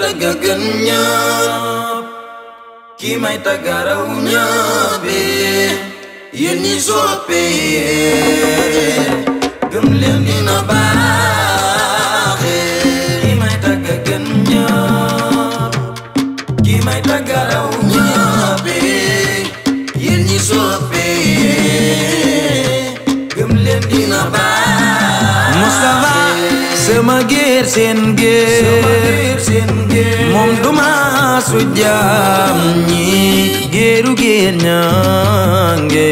taga gan ñëpp ki may taga raw ñëpp yéen ñi soppee gëm eh. sama géer seen géer moom duma su jaam ñi géeru géer ñange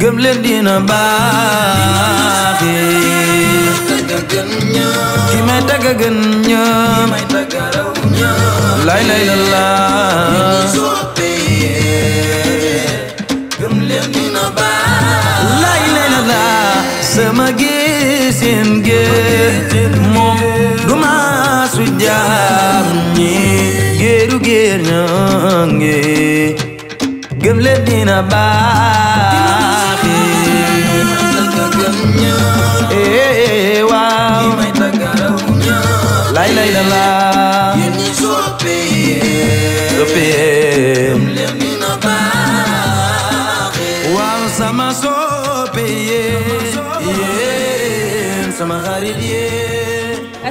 gëm leen dina baaxe ki may tagga gën ñoom lay lay la la laa sama géer seen géer moom du maasu jaar ñi géeru géer ñaa ngi gëm leen dina baaxi ee waaw lay lay la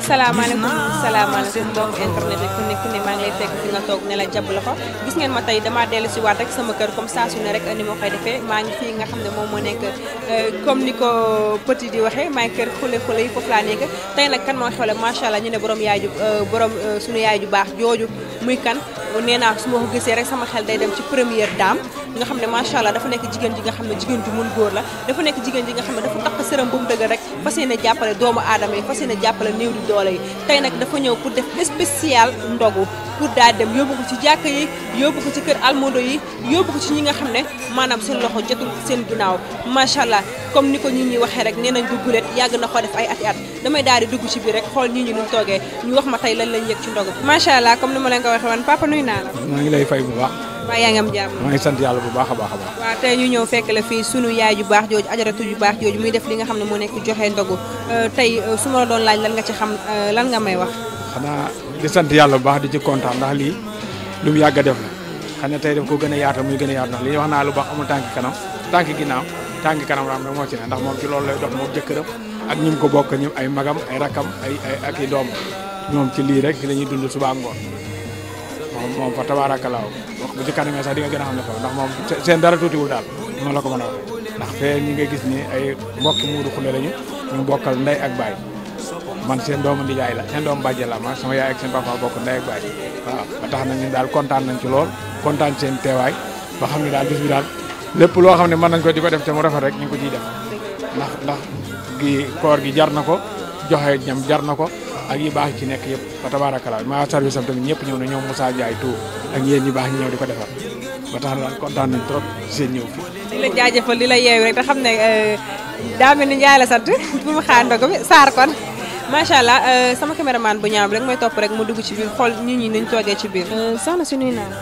asalaamaaleykum asalaamaaleykum mbokk internet ku ne ku ne ngi lay fi nga toog ne la jàpp loxo gis ngeen ma tey dama dellu si waat rek sama kër comme saa su ne rek ni ma koy defee maa ngi fii nga xam ne moom moo euh, comme ni petit di waxee maa ngi xule xule yi foofu laa nekk tey nag kan moo xewle macha allah ñu ne borom yaay euh, borom euh, suñu yaay ju baax muy kan nee naa ko gisee rek sama xel day dem ci première dame nga xam ne macha allah dafa nekk jigéen ji nga xam ne jigéen ju mun góor la dafa nekk jigéen ji nga xam ne dafa takk sëram bu mu dëgg rek fas yéene jàppale doomu aadama yi fas yéene jàppale néew di doole yi tey nag dafa ñëw pour def spécial ndogu pour daal dem yóbbu ko ci jàkk yi yóbbu ko ci kër almodo yi yóbbu ko ci ñi nga xam ne maanaam seen loxo jotul seen ginnaaw macha allah comme ni ko ñi ñuy waxee rek nee nañ du yàgg na ko def ay ati at damay daal di dugg ci biir rek xool ñi ñu nuñ toogee wax ma tey lan lañ yëg ci ndogu macha allah comme ni ma leen waxee woon papa nuy lay fay bu waa yaa ngi ngi sant yàlla bu baax a baax a baax ñu ñëw fekk la fii sunu yaay ju baax jooju ajaratu ju baax jooju muy def li nga xam ne moo nekk joxe ndogu euh, tey euh, su la doon laaj lan nga ci xam euh, lan nga may wax xanaa di sant yàlla bu baax di ci kontaan ndax lii lu mu yàgg def la xam ne ko gën yaata muy ndax wax lu baax kanam kanam rek ci ne ndax ci loolu lay dox ak ko bokk ay magam ay rakam ay ay ak doom ci rek dund suba moom moom fa tabaarakallaaw wax bu ci kanamee sax di nga a xam ne xew ndax moom seen dara tuutiwul daal noonu la ko mën a waxee ñi nga gis ni ay mbokki muudu xule lañu ñu bokkal ndey ak baay man seen doomu nijaay la seen doomu bàjje la ma sama yaay ak seen papa bokk ndey ak baay waaw ba tax na daal kontaan nañ ci lool kontaan seen teewaay ba xam ne daal bis bi daal lépp loo xam ne mën nañ ko di ko def te mu rafet rek ñu ko ciy def ndax ndax gi koor gi jar na ko joxe ñam jar na ko ak yu baax yi ci nekk yëpp ba tabaarakala ma service am tamit ñëpp ñëw na ñoom Moussa Ndiaye tout ak yéen ñu baax ñi ñëw di ko defar ba tax na kontaan nañ trop seen ñëw fi di la jaajëfal di la yeew rek te xam ne euh, daa mel ni Ndiaye la sant bu mu xaan ba ko kon macha allah euh, sama caméraman bu ñaaw bi rek mooy topp rek mu dugg ci biir xool nit ñi nuñ toogee ci biir. Euh, soxna si nuyu naa la.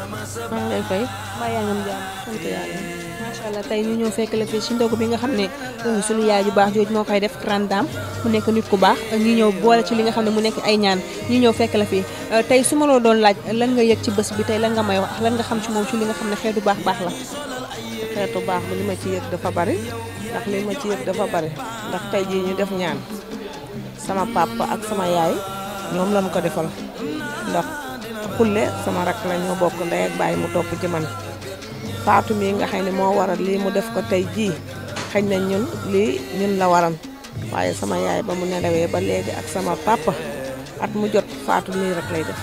maa ngi lay fay. mbaa yaa ngi am jàmm sant macha allah tey ñu ñoo fekk la fi ci ndogu bi nga xamne ne yaay ju baax joj mo koy def grandam mu nekk nit ku baax ñi ñoo boole ci li nga xamne mu nekk ay ñaan ñi ñoo fekk la fi euh, tay suma lo la doon laaj lan nga yek ci bëss bi tay lan nga may wax lan nga xam ci mom ci li nga xamne ne xeetu baax baax la baax mu ci yek dafa bari ndax li ma ci yek dafa bari ndax tay ji ñu def ñaan sama papa ak sama yaay ñom lañ ko defal ndax xulle sama rak la ñoo bokk nday ak bay mu top ci man faatu nga xam ne moo waral lii mu def ko tey jii xëy nañ ñun lii ñun la waral waaye sama yaay ba mu nelawee ba léegi ak sama papa at mu jot faatu nii rek lay def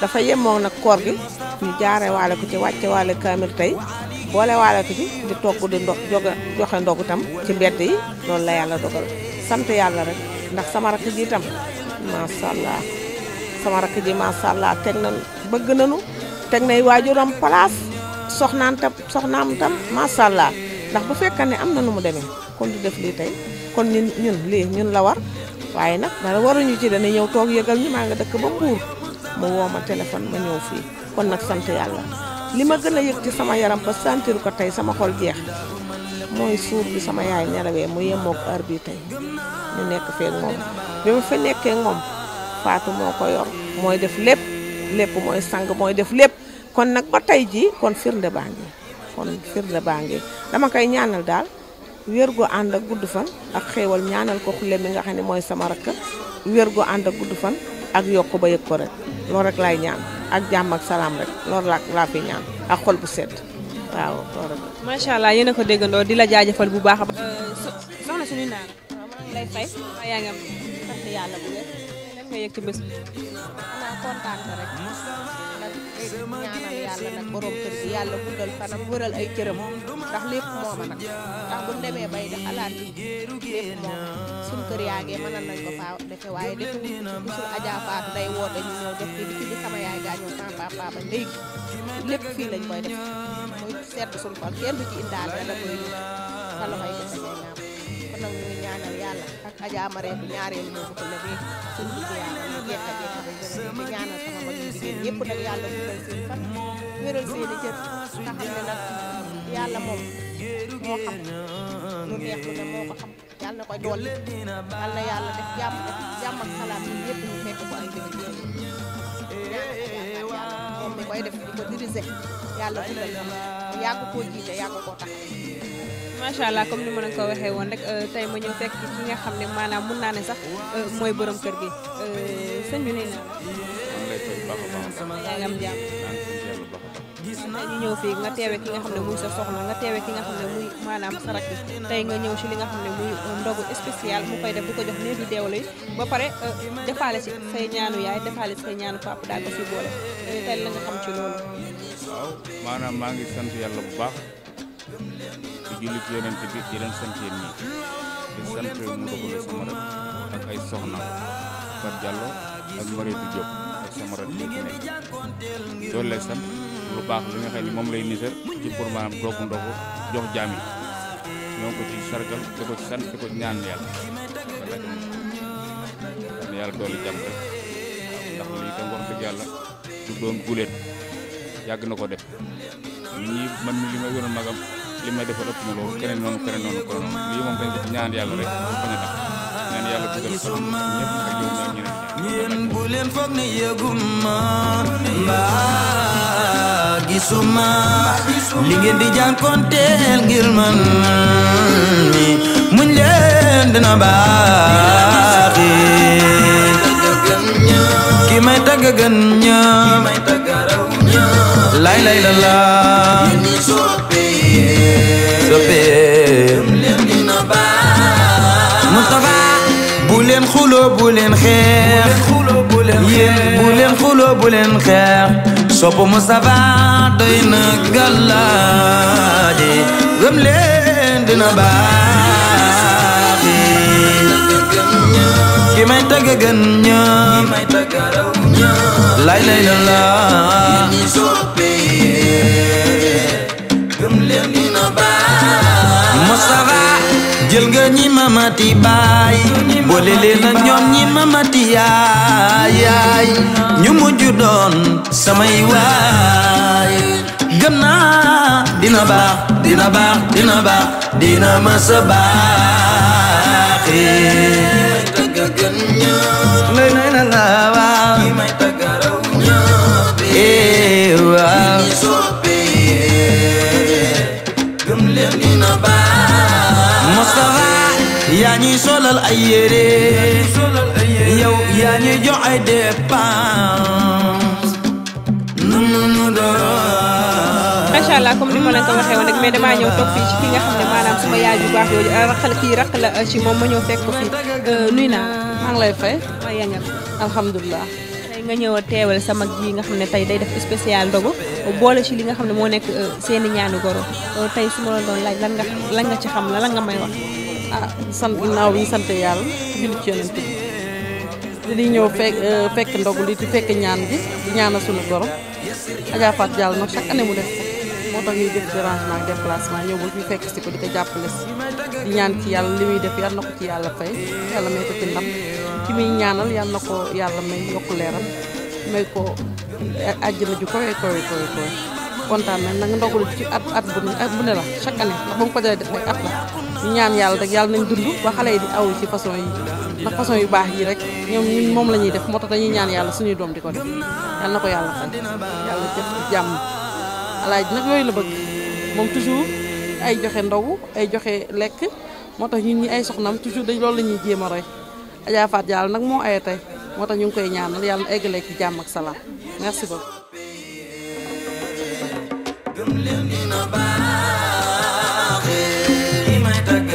dafa yemoon nag koor gi ñu jaare waale ko ci wàcce waale kaamil tey boole waale ki ci di togg di ndox joxe ndogu tam ci mbedd yi lool la yàlla dogal sant yàlla rek ndax sama rakk ji tam macha allah sama rakk ji macha teg na bëgg nanu teg nay waajuram place soxnaan tam soxnaam tam macha allah ndax bu fekkee ne am na nu mu demee kon du def lii tey kon ñun ñun lii ñun la war waaye nag dara waruñu ci dana ñëw toog yëgal ñu maa nga dëkk ba Mbuur mu woo ma téléphone ma ñëw fii kon nag sant yàlla li ma gën a yëg ci sama yaram ba sentir ko tey sama xol jeex mooy suur bi sama yaay nelawee mu yemmoog heure bi tey ñu nekk feek moom bi ma fa nekkee moom Faatu moo ko yor mooy def lépp lépp mooy sang mooy def lépp kon nag ba tey jii kon firnde baa ngi kon firnde baa ngi dama koy ñaanal daal wér gu ànd ak gudd fan ak xéewal ñaanal ko xule mi nga xam ne mooy sama rakk wér gu ànd ak gudd fan ak yokk ba yëg ko rek loolu rek laay ñaan ak jàmm ak salaam rek loolu laa laa fi ñaan ak xol bu sedd waaw loolu ko déggandoo di la jaajëfal bu baax a euh, ñaanal yàlla nag borom kër gi yàlla guddal fanam wëral ay cëram ndax lépp a nag ndax bu demee bay def alaat yi lépp moom suñ kër yaagee mënal nañ ko faa defe waaye defe gisul Adja Fatou day woote ñu ñëw def fi di sama yaay gaañoo sama papa ba léegi lépp fii lañ koy def muy seetlu suñ xol kenn du ci indaale da koy yóbbu fa la koy defee kon nag ñu ñaanal yàlla ak Adja Marème ñaareelu moo ko lebee suñu dugub yàlla ñu jeex a jeex a di ñaanal sama mbokku yàlla guddal seen seen i jër nga ne nag yàlla moom moo xam lu neex ko xam yàlla yàlla yàlla def jàmm ak jàmm yëpp ñu fekk ko ak jërëjëf yàlla guddal ko yàgg koo jiite yàgg koo tax. Masya allah comme ni ma leen ko waxee woon rek euh, tey ma ñëw fekk ki nga xam ne maanaam mun naa ne sax euh, borom kër euh, bi nuyu naa la. yaa ngi am ñu ñëw fii nga teewe ki nga xam muy sa soxna nga teewe ki nga xam muy maanaam sarak bi tey nga ñëw ci li nga xam muy ndogu spécial mu koy def bu ko jox néew yu deewla ba pare defaale ci say ñaanu yaay ci ñaanu papa ko ci la nga xam ci ngi sant bu baax. jullit ci bi di leen sant yéen ñi di sant Mourou Koule Samara ak ay soxna Fat Diallo ak Mariétou Diop ak Samara di leen nekk loolu sant lu baax li nga xam ne moom lay nisar ci pour maanaam doogu ndogu jox jaam yi ñoo ko ci sargal di ko sant di ko ñaan yàlla kon yàlla doole jàmm rek ndax lii tam wax dëgg yàlla du guléet yàgg na ko def ñii man mi li ma gën a magam. lima may defal ëpp na non keneen non ko noonu lii moom dañ def ñaan yàlla rek moom bañ a ñaan yàlla ko ñëpp bu ne gisuma li ngeen di jànkonteel ngir man muñ leen dina baaxi ki may tagg gën ñaa lay lay la soppeem leen dina baax Moustapha bu leen xuloo bu leen xeex yéen bu leen xuloo bu leen xeex sopp Moustapha na baax ki may la la Moustapha jël nga ñi mamati baay boole leen ak ñoom ñi mamati yaay yaay ñu mujj doon samay waay dina baax dina baax dina baax dina masa baax lay lay la la waaw yaa ñuy solal ay yére yaa ñuy jox ay dépense nun nu macha allah comme ni ma leen ko waxee woon rek mais damaa ñëw toog ci ki nga xam ne maanaam suma yaay bu baax yooyu ah, raqal kii raq la ah, ci moom ma ñëw fekk ko fii euh, nuy naa maa ngi lay fay ma yañal alhamdulilah tey nga ñëw a teewal sa mag ji nga xam ne tey day def spécial ndogu boole ci li nga xam ne moo nekk euh, seeni ñaani goro euh, tey su ma la doon laaj lan nga lan ci xam la lan nga may wax ah sant ginnaaw yi sant yàlla julli ci yonent bi te di ñëw fekk euh, fekk ndogu li di fekk ñaan gi di ñaanal suñu borom Adja Fatou Diallo nag chaque année mu def ko moo tax ñuy def dérangement ak déplacement ñëw ba fi fekk si ko di ko jàppale di ñaan ci yàlla li muy def yàlla na ko ci yàlla fay yàlla may ko ci ndam ki muy ñaanal yàlla na ko may yokk leeram may ko eh, àjjana ju koy koy koy koy kontaan nañ ndogul ci at at bu ne la chaque année ba ko def ay at la ñaan yàlla rek yàlla nañ ba di aw ci façon yi ndax façon yu baax yi rek sunyi ñun def dañuy ñaan di def yàlla na ko yàlla fay yàlla def alaaj nag yooyu la bëgg moom toujours ay joxe ndogu ay joxe lekk moo ñun ñi ay soxnam toujours dañ loolu la ñuy roy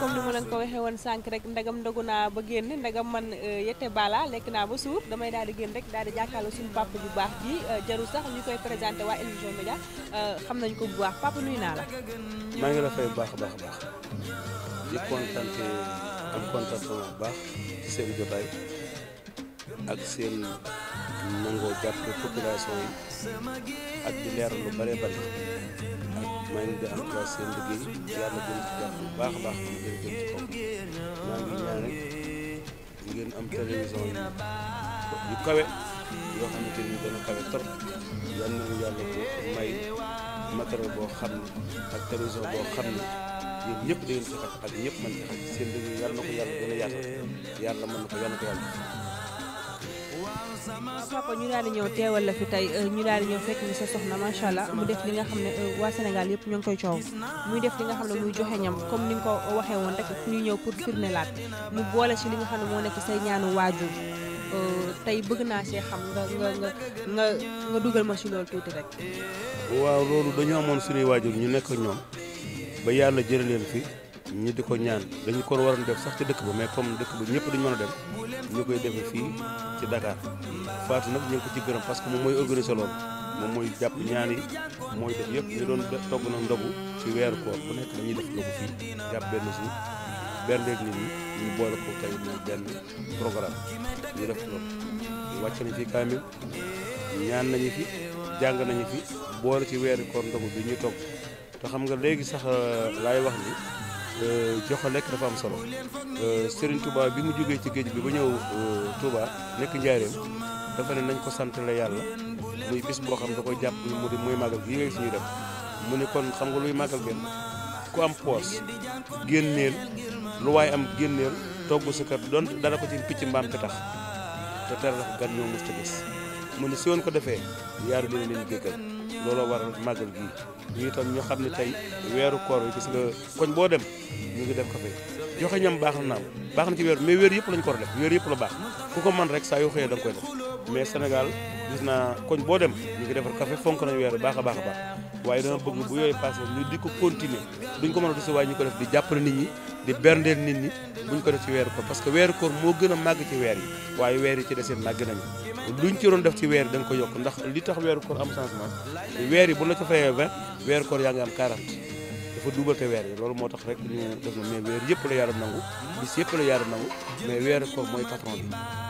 comme ni ma leen ko waxee woon sànq rek ndagam ndagu naa ba génn ndagam man euh, yette bala lekk naa ba suur damay daal di génn rek daal di jàkkaarloo suñu papa bu baax ji euh, jarul sax ñu koy présenté waa El Vision Médias euh, xam nañ ko bu baax papa naa la. maa ngi la baax baax baax di kontaan am kontaan bu baax ci seen jotaay ak seen nangoo jàpp population yi ak di leer lu bare bare maa ngi a encouragé baax a am télévision yu kawe yoo xamante may matériel boo xam ne ak télévision boo xam ne yéen ñëpp da ngeen ci ak ñëpp mën ci xaj seen liggéey yàlla na ko yàlla gën a yaatal yàlla mën na ko yàlla ko yàlla waaw papa ñu daal di ñëw teewal la fi tey euh, ñu daal di ñëw fekk ni sa soxna macha allah mu def li nga xam ne euh, waa Sénégal yëpp ñu ngi koy coow muy def li nga xam ne muy joxe ñam comme ni nga ko waxee woon rek ñu ñëw pour firnde laat mu boole si li nga xam ne moo nekk say ñaanu waajur euh, tey bëgg naa see xam nga nga nga nga nga dugal ma ci loolu tuuti rek. waaw loolu dañu amoon suñuy waajur ñu nekk ñoom ba yàlla jëlee leen fi. ñu di ko ñaan dañu ko waroon def sax ci dëkk ba mais comme dëkk ba ñëpp duñ mën a dem ñu koy defee fii ci Dakar Fatou nag ñu ko ci gërëm parce que moom mooy organiser loolu moom mooy jàpp ñaan yi mooy def yëpp ñu doon togg na ndogu ci weeru koor bu nekk dañuy def ndogu fii jàpp benn ñu boole ko tey ñu def loolu wàcc nañ fi kaamil ñaan nañu fi jàng nañu fi boole ci weeru koor ndogu bi ñu togg te xam nga léegi sax laay wax ni Euh, joxe lekk dafa am solo euh, Serigne Touba bi mu jugee ci géej bi ba ñëw euh, Touba nekk njaareem dafa ne nañ ko sant la yàlla muy bis boo xam da koy jàpp mu di muy màggal gi ngay suñu def mu ne kon xam nga luy màggal benn ku am poos génneel lu waaye am génneel togg sa kër doon dala ko ci picc mbaam te tax te tere la ko gan ñoo mus ta gis mu ne si woon ko defee yaaru dina leen jéggal looloo waral màggal gii ñu itam ñu xam ne tey weeru koor bi gis nga koñ boo dem ñu ngi def café joxe ñam baax na naam baax na ci weer mais weer yëpp lañ ko war a def yëpp la baax ko man rek saa yoo xëyee da nga koy gis naa koñ boo dem ñu ngi defar café fonk nañu weer baax a baax waaye dama bëgg bu yooyu passé ñu di ko continuer duñ ko mën a dese waaye ñu ko def di jàppale nit ñi di berndeel nit ñi buñ ko def ci weeru koor parce que weeru koor moo gën a màgg ci weer yi waaye weer yi ci deseen a nañu luñ ci doon def ci weer dañ ko yokk ndax li tax weeru koor am changement weer yi bu la ko fayee 20 weeru koor yaa am 40 dafa duubal weer yi loolu moo tax rek ñu def na yëpp la yaaram nangu bis yëpp la yaaram nangu mais weeru koor mooy patron bi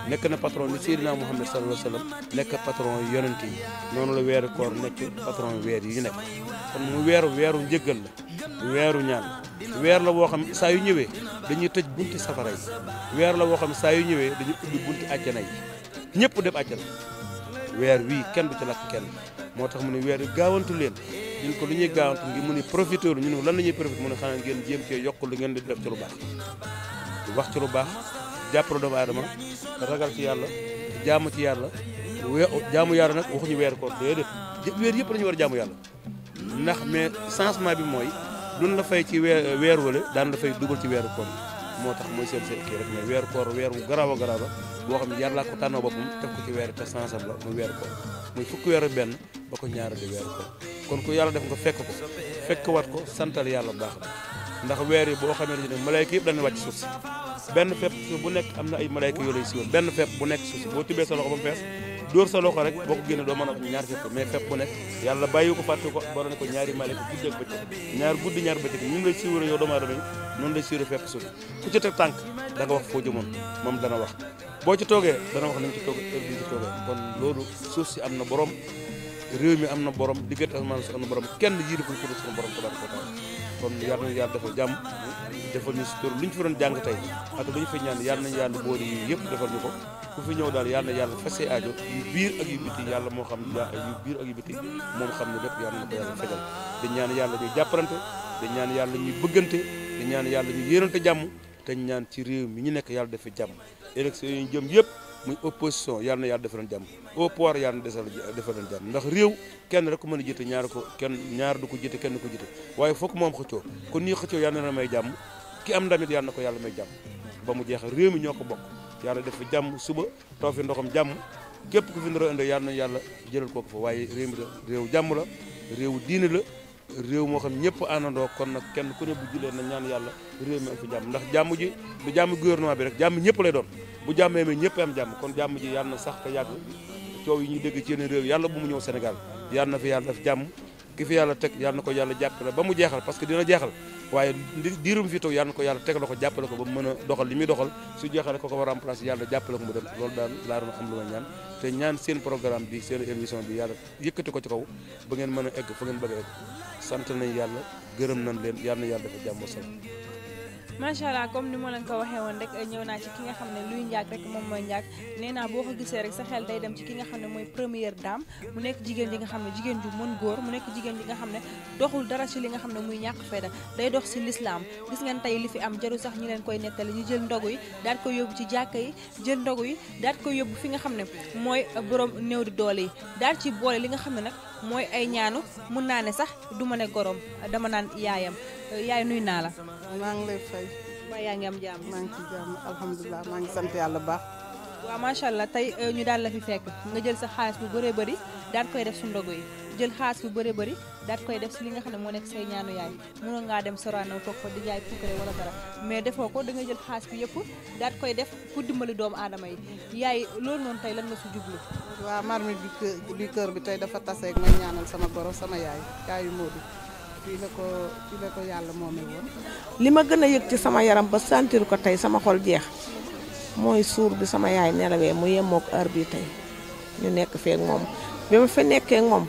nekk na patron bi Seydina Muhammad sallallahu alayhi wa sallam nekk patron yonent yi noonu la weeru koor nekk patron weer yi ñu nekk kon mu weeru weeru njëggal la weeru ñaan weer la woo xam saa yu ñëwee dañuy tëj bunti safara yi weer la woo xam saa yu ñëwee dañuy ubbi bunti àjjana ñëpp dem àjjana weer wii kenn du ci lakk kenn moo tax mu ne weer wi leen ñun ko lu ñuy gaawantu ngi mu ni profité lu ñu ne lan la ñuy profité mu ne xanaa ngeen jéem cee yokk lu ngeen di def ci lu baax wax ci lu baax jàppale doomu aadama ragal ci yàlla jaamu ci yàlla we jaamu yàlla nag waxuñu weer ko déedéet weer yëpp la ñu war a jaamu yàlla ndax mais changement bi mooy duñ la fay ci weer weer wala daan la fay dugal ci weeru koor moo tax mooy seen seen kii rek mais weeru koor weer wu garaaw a garaaw la boo xam ne yàlla ko tànnoo boppam def ko ci weer te sansam la mu weeru koor muy fukki weeru benn ba ko ñaara di weeru koor kon ku yàlla def nga fekk ko fekk wat ko santal yàlla bu baax ndax weer yi boo xamante ne malayka yëpp dañuy wàcc suuf si benn fepp bu nekk am na ay malayka yoo lay siiwal benn fepp bu nekk suuf si boo tibbee sa loxo ba mu fees dóor sa loxo rek boo ko génne doo mën a ñaar fekk mais fépp bu nekk yàlla bàyyi ko fàtte ko borom ne ko ñaari maale ko guddi ak bëccëg ñaar guddi ñaar bëccëg ñun lay siwre yow doomu aadama yi noonu lay siwre fépp suuf ku ci teg tànk da nga wax foo jëmoon moom dana wax boo ci toogee dana wax nañ ci toog heure bi ñu ci toogee kon loolu suuf si am na borom réew mi am na borom diggante asamaan si am na borom kenn jiitu ko tudd sama borom tabaaraka wa taala kon yal nañu yàlla defal jàmm defal ñu sutur lu ñu fi doon jàng tey ak lu ñu fi ñaan yal nañu yàlla boori yëpp defal ñu ko ku fi ñëw daal yàlla na yàlla fas see aajo yu biir ak yu biti yàlla moo xam daa biir ak yu biti moom xam ne lépp yàlla fegal di ñaan yàlla ñuy jàppalante di ñaan yàlla ñuy bëggante jàmm te ñaan ci réew mi ñu nekk yàlla dafa jàmm élection yi ñu jëm yëpp muy opposition yàlla na yàlla defal leen jàmm au pouvoir yàlla na desal defal leen jàmm ndax réew kenn rek mën a jiite ñaar ko ko jiite kenn du ko jiite waaye foog moom xëccoo kon nii xëccoo yàlla na may jàmm ki am ndamit yàlla may jàmm ba mu jeex réew mi ñoo ko bokk yàlla def fi jàmm suba taw fi ndoxam jàmm képp ku fi ndoro indi yàlla nañu yàlla jëlal kooku fa waaye réew mi la réew jàmm la réew diine la réew moo xam ñëpp àndandoo kon na kenn ku ne bu jullee na ñaan yàlla réew mi am fi jàmm ndax jàmm ji du jàmm gouvernement bi rek jàmm ñëpp lay doon bu jàmmee mi ñëpp am jàmm kon jàmm ji yàlla na sax te yàgg coow yi ñu dégg ci yeneen réew yàlla bu mu ñëw Sénégal yàlla na fi yàlla def jàmm ki fi yàlla teg yàlla na ko yàlla jàpp la ba mu jeexal parce que dina jeexal waaye diirum fi toog yàlla na ko yàlla tegal ko jàppale ko ba mën a doxal li muy doxal su jeexee rek ko ko war a yàlla jàppale ko mu dem loolu daal laa doon xam lu ma ñaan te ñaan seen programme bi seen émission bi yàlla yëkkati ko ci kaw ba ngeen mën a egg fa ngeen bëgg a egg sant nañ yàlla gërëm nañ leen yàlla na yàlla dafa jàmm salaam Masyaallah, comme ni ma lañ ko waxé won rek ñëw na ci ki nga xamné luy ñak rek mom moy ñak néna bo ko gissé rek sa xel day dem ci ki nga xamné moy première dame mu nekk jigen li nga xamné jigen ju mën góor mu nekk jigen li nga xamné doxul dara ci li nga xamné muy ñàkk fayda day dox ci l'islam gis ngeen tay li fi am jaru sax ñu leen koy netal ñu jël ndogu yi daat ko yóbbu ci jàkka yi jël ndogu yi daat ko yóbbu fi nga xamné moy borom di doole daal ci boole li nga xamné nak moy ay ñaanu naa sax duma gorom dama naan yaayam Euh, yaay nuy naa la. maa ngi lay fay. waaw yaa ngi am jàmm. maa ngi ci jàmm alhamdulilah maa ngi sant yàlla baax. waaw macha allah tey euh, ñu daal la fi fekk nga jël sa xaalis bu bëree bëri daal koy def su ndogo yi jël xaalis bu bëree bëri daal koy def si li nga xam ne moo nekk say ñaanu yaay mënoon ngaa dem Sorano toog fa di jaay pukkare wala dara mais defoo ko da nga jël xaalis bi yëpp daal koy def pour dimbali doomu aadama yi yaay loolu noonu tey lan nga si jublu. waaw marmite du cœur bi tey dafa tase ak may ñaanal sama goro sama yaay yaayu Modou. fii la ko fii yàlla moomee woon. li ma gën a yëg ci sama yaram ba sentir ko tey sama xol jeex mooy suur bi sama yaay nelawee mu yemmoog heure bii tey ñu nekk feek moom bi ma fa nekkee moom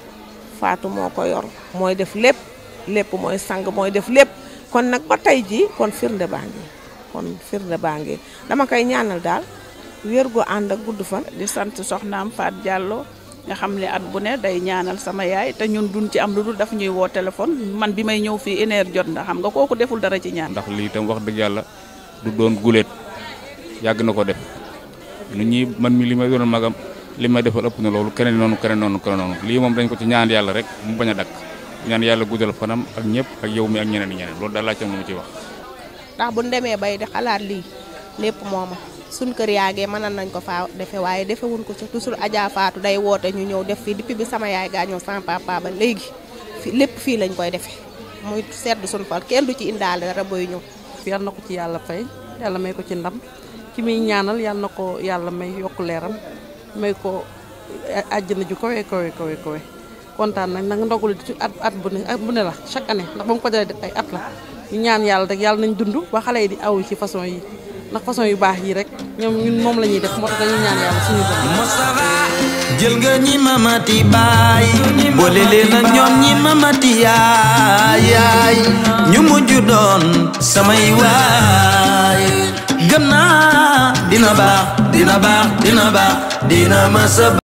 faatu moo ko yor mooy def lépp lépp mooy sang mooy def lépp kon nag ba tey ji kon firnde baa ngi kon firnde baa ngi dama koy ñaanal daal wér gu ànd ak gudd fa di sant soxnaam Fatou Diallo. nga xam ne at bu ne day ñaanal sama yaay te ñun duñ ci am lu dul daf ñuy woo téléphone man bi may ñëw fii une jot na xam nga kooku deful dara ci ñaan. ndax lii itam wax dëgg yàlla du doon guléet yàgg na ko def nu ñuy man mi li may doon magam li may defal ëpp na loolu keneen noonu keneen noonu keneen noonu lii moom dañ ko ci ñaan yàlla rek mu bañ a dakk ñaan yàlla guddal fanam ak ñëpp ak yow mi ak ñeneen ñeneen loolu daal laa ca moom ci wax. ndax bu ñu suñ kër yaagee mënal nañ ko faa defe waaye defewuñ ko ci toujours Adja Faatu day woote ñu ñëw def fii depuis bi sama yaay gaañoo sama papa ba léegi fi lépp fii lañ koy defe muy sedd suñ xol kenn du ci indaale dara booy ñëw. yal na ko ci yàlla fay yàlla may ko ci ndam ki muy ñaanal yal na ko yàlla may yokk leeram may ko àjjana ju kowe kowe kowe kowe kontaan nañ nag ndogul ci at at bu ne at bu ne la chaque année ndax ba ko dalee def ay at la yàlla rek yàlla nañ dund ba xale yi di aw ci façon yi. ndax façon yu baax yi rek ñoom ñun moom la ñuy def moo tax dañuy ñaan yàlla suñu borom. jël nga ñi mamati baay boole leen ak ñoom ñi mamati yaay ñu mujj doon samay waay gëm naa dina baax dina baax dina baax dina ma